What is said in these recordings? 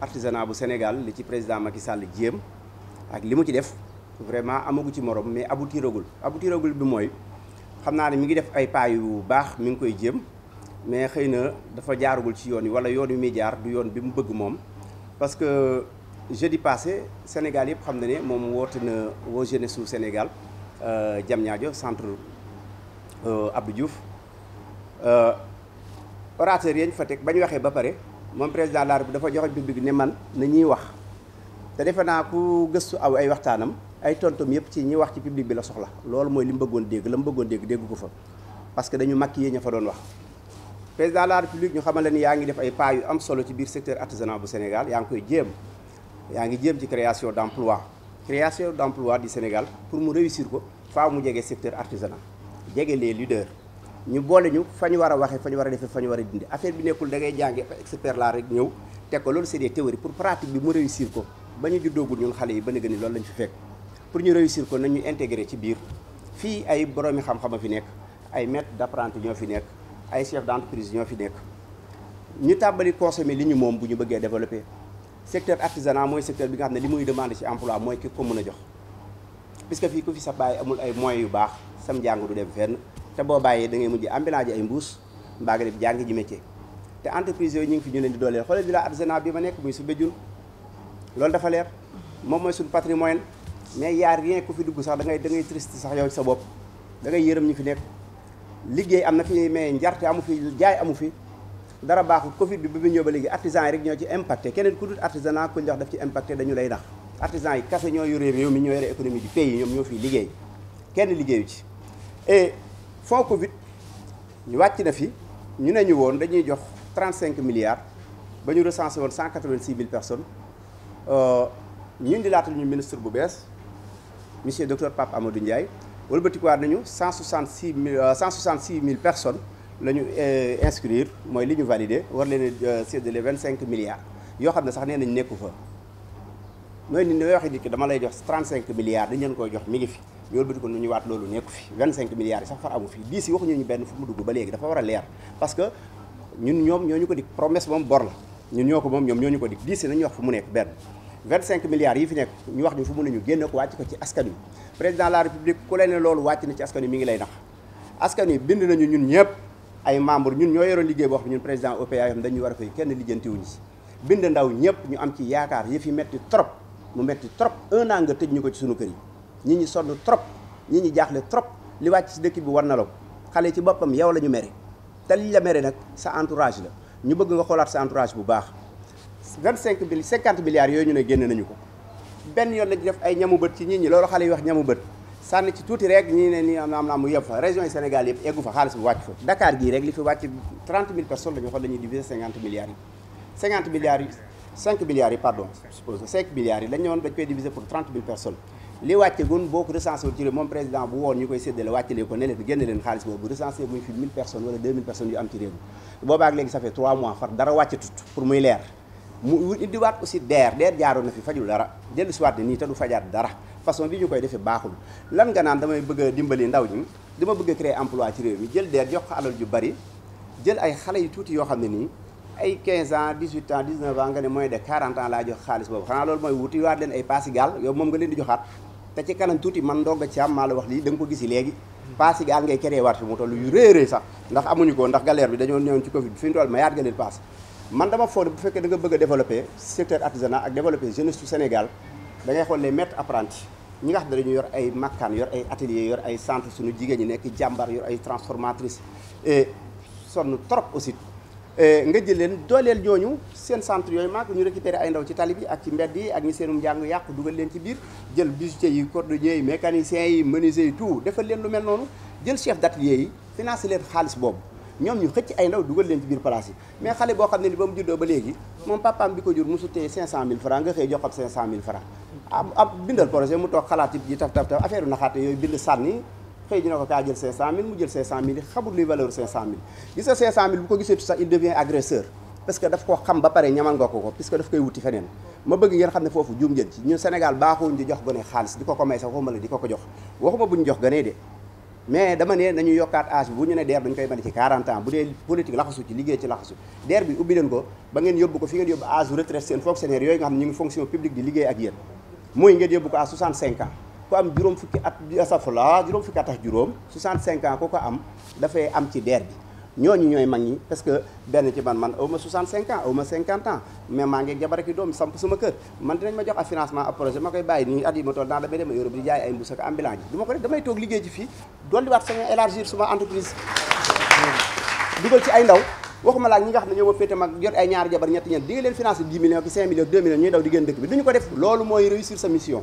artisanat bu Sénégal li ci président Macky Sall jéem ak li mu ci def vraiment amagu ci morom mais abu abu aboutiragul bi mooy xam naa ne mi ngi def ay pas yu baax mu ngi koy jéem mais xëy na dafa jaaragul ci yoon yi wala yoon yu muy jaar du yoon bi mu bëgg moom parce que jeudi passé Sénégal yëpp xam na ne moom woote na woo jeunesse su Sénégal euh, Diamniadio centre Eh, Abdou Diouf eh, orateur yañ fa teg ba ba pare mom président de la République dafa joxe bi ne man na ñuy wax te defe naa ku gëstu aw ay waxtanam ay tontum yépp ci ñi wax ci public bi la soxla lool moy lim bëggoon dégg lam bëggoon dégg dégg ko fa parce que dañu makki ña fa doon wax président de la république ñu xamal la ni yaangi def ay pas yu am solo ci biir secteur artisanat bu Sénégal yaang koy jëm yaangi jëm ci création d'emploi création d'emploi emploi du Sénégal pour mu réussir ko faaw mu jégué secteur artisanat jege les leaders ñu bolé ñu fa wara waxé a wara défé ñu wara dindi affaire bi nekkul da ngay jànge expert la rek ñew té ko lool c'est des théories pour pratique bi mo réussir ko bañu ñu juddoogul ñun xalé yi ba nga ni loolu lañ fi fekk pour ñu réussir ko nañu intégrer ci biir fi ay boroomi xam-xama fi nekk ay maître d'apprenti ñoo fi nekk ay chef d'entreprise ñoo fi nekk ñu tàmbali consommer li ñu mom bu ñu bëggee développer secteur artisanat moy secteur bi nga xam ne li muy demandé ci emploi moy ki ko mëna jox puisque fi ku fi sa bay amul ay moyens yu baax sam njàng du dem fenn te boo bàyyee dangay mujj ambulance ji ay mbuus mbaa nga dem jàngi ji métier te entreprise yooyu ñu ngi fi ñu leen di dooleel xoolal village artisanal bi ma nekk muy su béjjul loolu dafa leer moom mooy suñu patrimoine mais yaa rien ku fi dugg sax da ngay da sax yow sa bopp da ngay yërëm ñu fi nekk liggéey am na fi mais njarte amu fi jaay amu fi dara baaxul Covid bi ba bi ñëw ba artisan yi ñoo ci impacté keneen ku dul artisanat ku ñu ci impacté dañu lay nax artisan yi kase ñoo yore réew mi ñoo yore économie du pays ñoom ñoo fiy liggéey kenn liggéeyu ci et fonds Covid nous avons fait fi 35 milliards nous avons recensé 186 000 personnes Nous, avons le ministre Boubès, M. monsieur docteur Pape Amadou Ndiaye nous avons 166 000 166 000 personnes nous euh, inscrire mooy li nous war 25 euh, milliards Nous xam fait des années de nekku fa mooy ni de waxee nit Nous 35 milliards nous avons koy jox mi ñu wëlbati ko nu ñu waat loolu nekku fi 25 milliards yi sax far amu fi lii si waxuñu ñu benn fu mu dugg ba léegi dafa war a leer parce que ñun ñoom ñoo ñu ko dig promesse moom bor la ñun ñoo ko moom ñoom ñoo ñu ko dig lii si nañu wax fu mu nekk benn 25 milliards yi fi nekk ñu wax ñu fu mu ne ñu génne ko wàcc ko ci askan wi président la république ku leen ne loolu wàcc na ci askan wi mi ngi lay nax askan wi bind nañu ñun ñëpp ay membre ñun ñoo yoroon liggéey boo xam ne président OPA yoo xam dañuy war a fay kenn lijjantiwuñu si bind ndaw ñëpp ñu am ci yaakaar yëf yi metti trop mu metti trop un an ñu ko ci sunu kër yi ñi ñi sonn trop ñi jaxlé trop li wacc ci dëkk bi war na la ko ci bopam yow lañu méré mere li la méré nak sa entourage la ñu bëgg nga xolaat sa entourage bu baax. 25 mille 50 milliards yoy ñu né génn nañu ko benn yoon lañu def ay ñamu bët ci nit ñi loolu xale wax ñamu bët sann ci tuuti rek ñi né ni am na mu yeb fa région yi Sénégal yëpp eggu fa xaalis bu wàcc fa. Dakar gi rek li fi wacc 30 mille personnes la ñu xool dañuy diviser 50 milliards 50 milliards 5 milliards pardon je suppose 5 milliards yi lañu ñëwoon dañ koy diviser pour 30 mille personnes li wàcce gun boo ko recensé ci réew moom président bu won ñu koy séddale wàccelee ko ne leen génne leen xaalis boobu recensé muy fi 1000 personnes wala 2000 personnes yu am ci réew mi ak léegi ça fait 3 mois far dara wàcce tout pour muy leer mu indi indiwaat aussi deer deer jaaroon na fi fajul dara dellu siwaat ni nii du fajaat dara façon bi ñu koy baxul lan nga naan damay bëgg dimbali ndaw ñi dama bëgg créer emploi ci réew mi jël deer jox ko alal ju bari jël ay xalé yu tuuti yoo xam ni ay 15 ans 18 ans 19 ans nga ne moins de 40 ans la jox xaliss bobu xana lool moy wuti waat leen ay passigal yow mom nga leen di joxat te ci kanam tuuti man ndogga ci am maa la wax lii da nga ko gisi léegi paas yi gaa ngay créé waat fi mu toll yu réerée sax ndax amuñu ko ndax galère bi dañoo ñëwoon ci covid bi fi ñu toll ma yaat galère paas man dama foog ne bu fekkee da nga bëgg a développé secteur artisanat ak développé jeunesse su Sénégal da ngay xool les ñi nga xam ne dañu yor ay makkaan yor ay atelier yor ay centre suñu jigéen ñi nekk jàmbar yor ay transformatrice et sonn aussi Eh, nga jël leen dooleel ñooñu seen centre yooyu mag ñu récupérer ay ndaw ci tali bi ak ci mbedd yi ak ñi seenum njàng yàqu dugal leen ci biir jël bijoutiers yi cordonniers yi mécaniciens yi menuisiers yi tout defal leen lu mel noonu jël chef d'atelier yi financé leen xaalis boobu ñoom ñu xëcc ay ndaw dugal leen ci biir place yi mais xale boo xam ne ni ba mu juddoo ba léegi moom papaam bi ko jur mosu téye 500000 francs nga xëy jox ko 500000 francs ab ab bindal projet mu toog xalaat yi taf taf taf affaire yu naxaate yooyu bind xëy dina ko kaa jël 500000 mu jël 500000 yi xamul luy valeur 500000 gis nga 500000 bu ko gisee parce que daf ko xam ba pare ñamal nga ko ko puisque daf koy wuti feneen ma bëgg ngeen xam ne foofu juum ngeen ci ñun Sénégal baaxuñ di jox gone xaalis di ko ko may sax waxuma la di jox waxuma bu ñu de mais dama ne nañu yokkaat âge bi bu ñu ne deer dañu koy mën ci 40 ans bu dee politique laxasu ci liggéey ci laxasu deer bi ko am juróom fukki at asafula juróom fukki at ak juróom 65 ans ko ko am dafay am ci deer bi ñooñu ñooy mag ñi parce que benn ci man man awma 65 ans awma 50 ans mais maa ngi jabar ak doom samp sama kër man dinañ ma jox ak financement ak projet ma koy bàyyi nii at yi ma toll naa damay dem Europe di jaay ay mbuus ak ambulance ji du ma ko def damay toog liggéey ci fii dolliwaat sama élargir suma entreprise dugal ci ay ndaw waxuma laa ñi nga xam ne ñoo ma féete mag jot ay ñaar jabar ñetti ñeent di nga leen financé 10 millions ki 5 millions 2 millions ñuy daw di génn dëkk bi duñu ko def loolu mooy réussir sa mission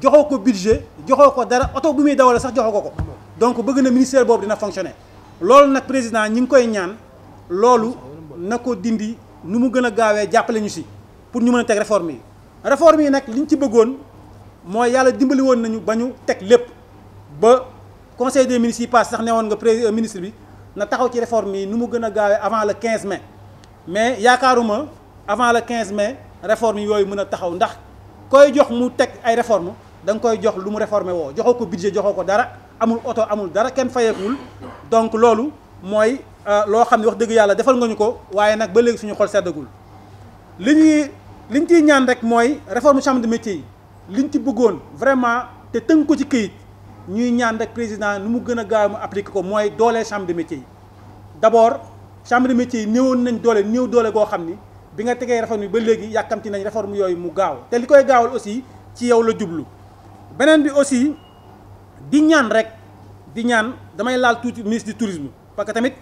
joxoo ko budget joxoo dara de bu mi dawale sax donc na ministère dina fonctionner le président koy ñaan dindi nu mu nous pour ñu mëna réforme réforme yi liñ ci dimbali nañu conseil des ministres passe sax président ministre bi na taxaw ci réforme yi nu mu avant le 15 mai mais avant le 15 mai réforme yooyu mëna a taxaw ndax koy jox mu ay réforme dang koy jox lu mu réformé wo joxoko budget joxoko dara amul auto amul dara ken fayekul. donc lolu moy euh, lo xamni wax deug yalla defal nga ko waaye nag ba leg suñu xol sédagul li liñ ci ñaan rek moy réforme chambre de métier liñ ci bëggoon vraiment te teŋ ko ci këyit ñuy ñaan rek président nu mu gën gaaw mu appliquer ko moy doole chambre de métier d'abord chambre de métier nañ doole doole go xamni bi nga tégué réforme bi ba légui yakamti nañ réforme yoy mu gaaw té likoy aussi ci yow la djublu benen bi aussi di ñaan rek di ñaan damay laal tout ministre du tourisme parce que tamit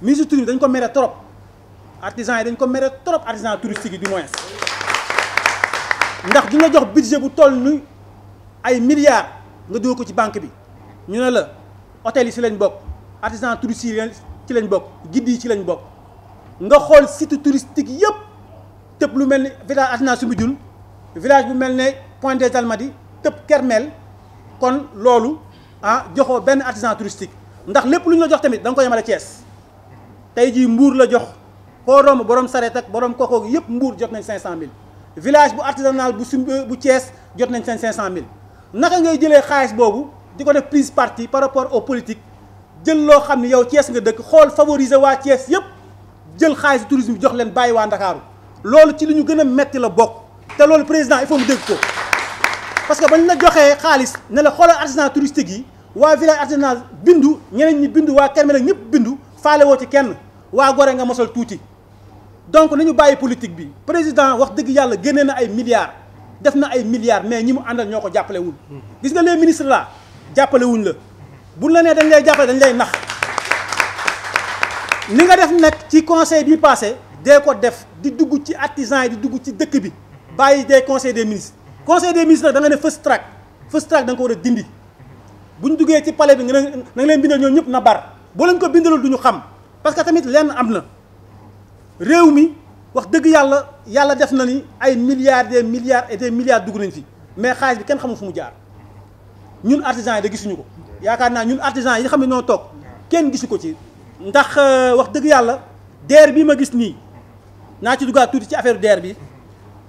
ministre du tourisme dañ ko méré trop artisan yi dañ ko méré trop artisan touristique du moins ndax du nga jox budget bu toll ni ay milliards nga dugg ko ci banque bi ñu ne la hôtel yi ci lañ bok artisan touristique yi ci lañ bok guide yi ci lañ bok nga xol site touristique yépp tepp lu melni village artisanal Soumbédioune village bu melni point des Almadies kermel kon lolu ah joxo ben artisan touristique ndax lepp la jox tamit dang la jox borom ak borom yep mbour jot nañ 500000 village bu artisanal bu bu Thiès jot nañ 500000 naka ngay jëlé def prise parti par rapport aux politiques jël lo xamni yow Thiès nga dëkk xol favoriser wa Thiès yep jël tourisme jox len bàyyi wa dakar lolu ci metti la président il faut parce que bañ la joxee xaalis ne la xoolal artisanat touristique yi waa village artisanal bindu ñeneen ñi bindu waa Kermel ak ñëpp bindu faale woo ci kenn waa Gorée nga mosal tuuti. donc nañu bàyyi politique bi président wax dëgg yàlla génne na ay milliards def na ay milliards mais ñi mu àndal ñoo ko jàppalewul gis nga les ministres là jàppale wuñ la bu la nee dañ lay jàppale dañ lay nax li nga def nag ci conseil bi passé dee ko def di dugg ci artisans yi dugg ci dëkk bi bàyyi des conseils des ministres. conseil des ministres nag da nga ne fast track fast track da ko war a dindi bu ñu duggee ci pale bi nga ne na leen bindal ñoom ñëpp na bar boo leen ko bindalul du ñu xam parce que tamit lenn am na réew mi wax dëgg yàlla yàlla def na ni ay milliards des milliards dugg nañ fi mais xaalis bi kenn xamul fu mu jaar ñun artisans yi da gisuñu ko yaakaar naa ñun artisans yi xam ne noo toog kenn gisu ko ci ndax euh, wax dëgg yàlla DER bi ma gis nii naa ci duggaat tuuti ci affaire DER bi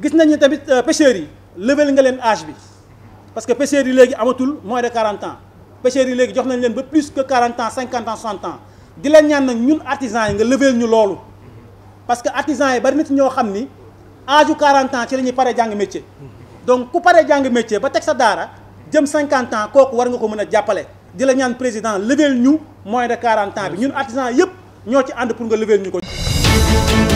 gis ni tamit euh, pêcheurs yi level nga leen âge bi parce que pêcheurs yi léegi amatul moins de 40 ans pêcheurs yi léegi jox nañ ba plus que 40 ans 50 ans 60 ans di la ñaan nag ñun artisans yi nga level ñu parce que artisans yi bari na ci ñoo âge de 40 ans ci la ñuy pare jàng métier donc ku pare jàng métier ba teg sa daara jëm 50 ans kooku war nga ko mën a jàppale di la ñaan président level ñu moins de 40 ans bi ñun artisans yëpp ñoo ci ànd pour nga level ñu